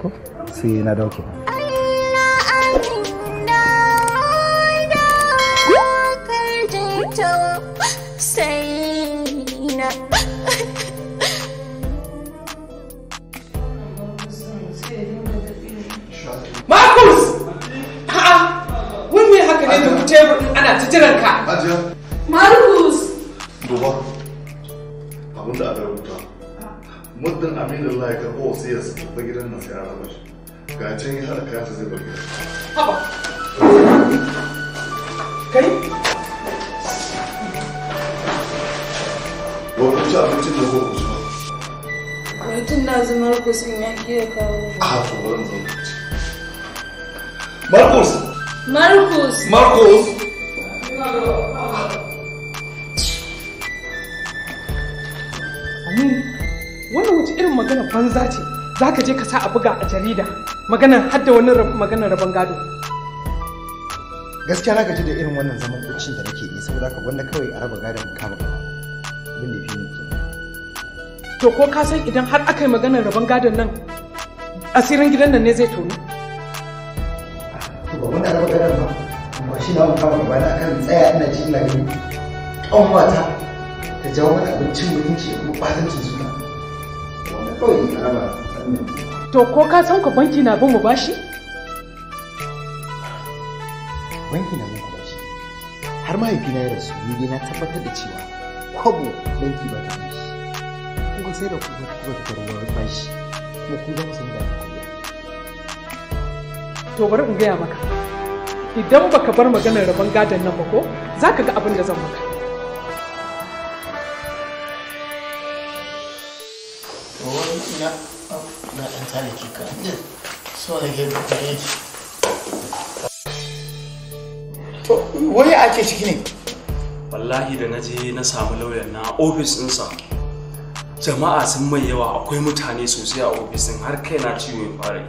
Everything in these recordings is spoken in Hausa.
ko sai na dauke Markus! A'a, wani mai haka ne da tebur ana ta jiranka. Markus! Duba, da aka rubuta muddin aminu lai karɓo wasu ya ba gidan nan sai an shi ga can ya haɗa kayansa zai bar Haba! Kai? Wani ci abincin da ko kusa. Wai na zama kusin ya kiyo kawo. A to bari mu zauna. Marcus! Amin. wannan wace irin magana banza ce za ka je ka sa a buga a jarida maganar hadda wani maganar rabon gado gaskiya za ka ji da irin wannan zaman kucin da nake yi saboda ka wanda kawai a raba gadon kama ba abin da fi yi. to ko ka san idan har aka yi maganar rabon gadon nan asirin gidan nan ne zai tonu to ba wanda raba gadon ba amma shi na kama gaba kan tsaya ina ji ina gani kanwata ta jawo mana abincin mutunci ko ɓatancin zuciya kawai to ko ka san ku banki na bin mu bashi banki na bin ku bashi har na ya rasu ni na tabbatar da cewa kwabo banki ba ta bashi kun ga sai da ku ku ta ruwa bashi kuma ku za ku san da to bari in gaya maka idan baka bar maganar rabon gadon nan ba ko za ka ga abin da zan maka ina oh, na ɗan ake ciki ne wallahi da na je na samu lauyan na ofis ɗinsa jama'a sun mai yawa akwai mutane sosai a ofisin har kai na ciwo ya fara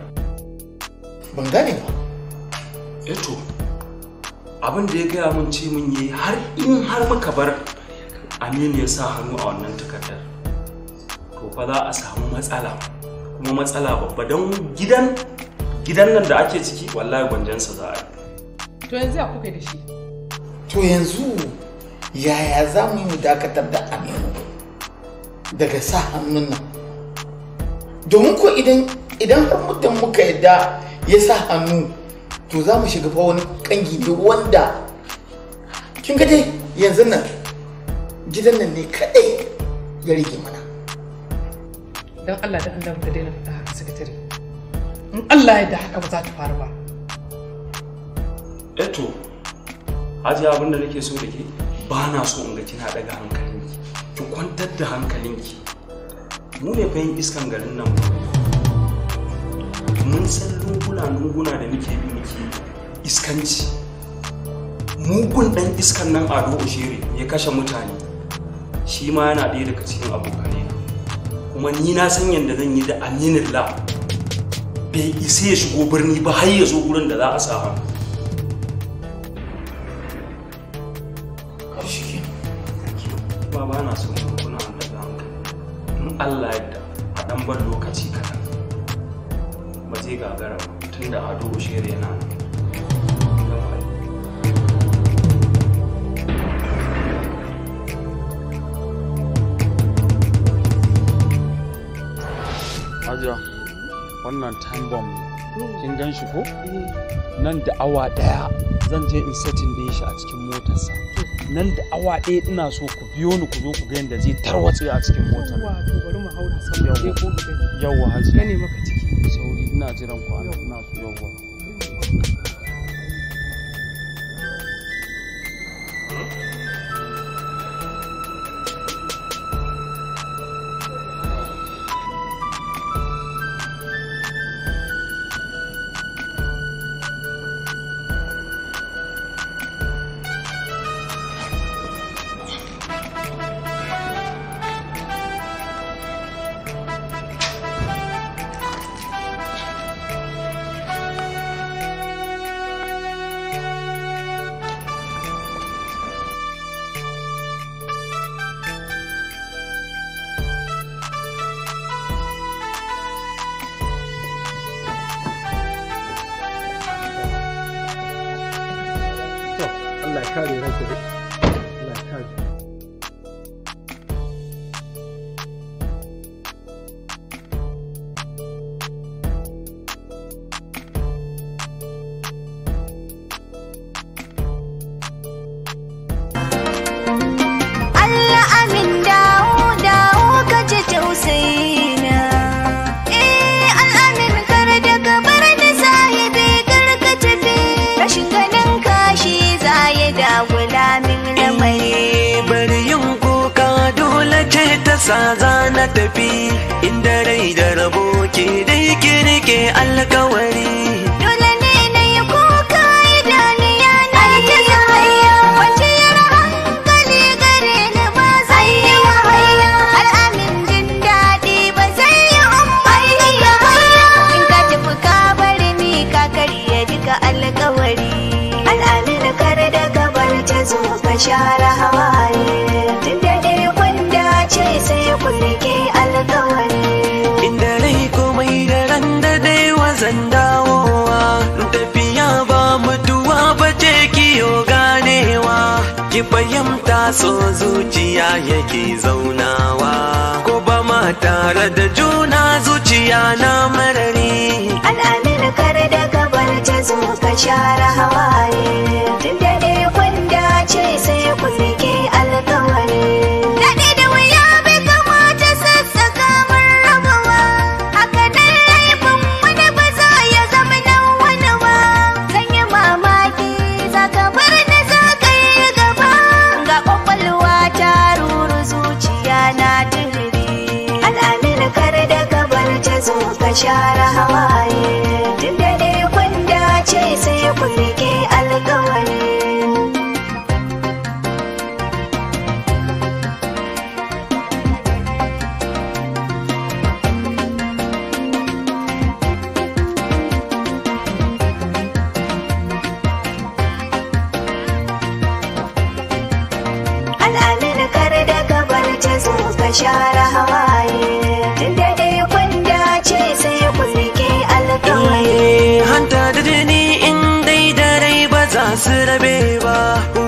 ban gane ba eto eh abin da ya gaya mun ce mun yi har in har muka bar aminu ya sa hannu a wannan takardar to fa za a samu matsala kuma matsala babba don gidan gidan nan da ake ciki wallahi gwanjansa za a yi to yanzu ya kuka da shi to yanzu yaya za mu yi mu dakatar da aminu daga sa hannun nan domin ko idan idan har mutum muka yadda ya sa hannu to za mu shiga fa wani kangi ne wanda kin ga dai yanzu nan gidan nan ne kadai ya rage mana don Allah da Allah da daina fita haka sakatare in Allah ya da haka ba za ta faru ba eto eh haji abinda nake so da ke ba na so in ga kina daga hankalinki ki kwantar da hankalinki mu ne fa yin iskan garin nan mun san lunguna lunguna da muke bi muke iskanci mugun dan iskan nan ado ushere ya kashe mutane shi ma yana ɗaya daga cikin abokanai kuma ni na san yadda zan yi da aminin la bai isa ya shigo birni ba har ya zo gurin da za a sa ba ba na da Allah a dan ban lokaci kaɗan ba zai gagara tun da ado shirya na nan hajiya wannan time bomb kin gan shi ko nan da awa daya zan je in setting da shi a cikin motarsa nan da awa ɗaya ina so ku biyo ni ku zo ku ga yadda zai tarwatse a cikin motar to bari mu haura sama ya ko ku gani yawa hajiya ne maka ciki sauri ina jiran ku ana ina so yawa 开也的以。sa za na tafi inda rai da rabo ke dai ke alkawari fahimta so zuciya yake zaunawa ko ba ma tare da juna zuciya na marari al'amin kar da gabar ta zo ka share hawaye share hawaye tun da dai kun dace sai ku rike alkawari Al'amin kar da gabar ta zo ka share hawaye su rabe ba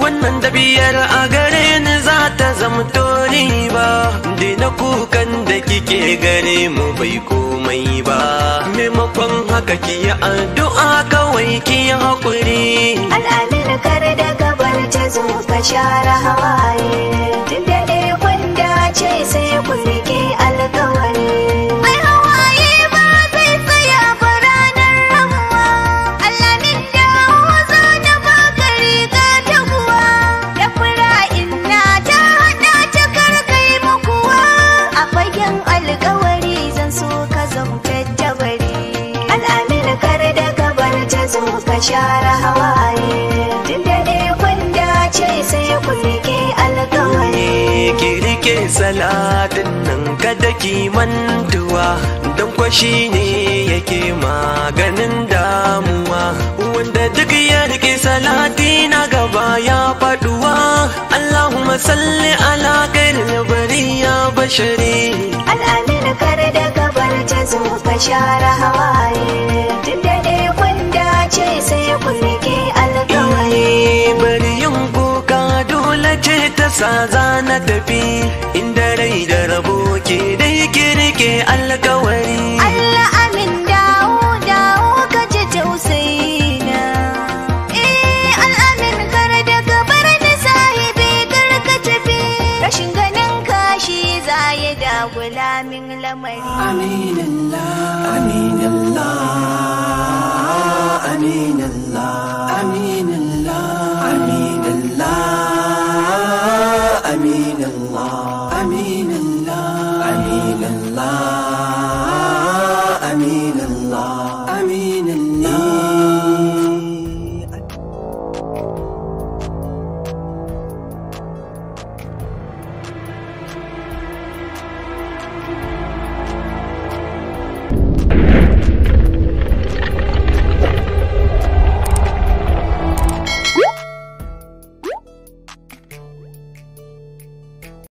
wannan dabiyar a gare ni za ta zamto ba na kukan da kike gare mu bai komai ba maimakon haka kiyi addu'a kawai kiyi haƙuri al'adar kar da gabar ta zo ka share hawaye tun da ɗaya kwanda ce sai ku rike alkawari Sai ku rike alƙawari ki rike salatin nan kada ki mantuwa don kwashi ne yake maganin damuwa wanda duk ya rike salati na gaba ya faduwa Allahumma salli ala ghairil bariya bashari al'amin kar da gabar ta zo ka share hawaye tunda dai kun sai ku ke alƙawari ta sa za na tafi inda rai da rabo ke dai rike alkawari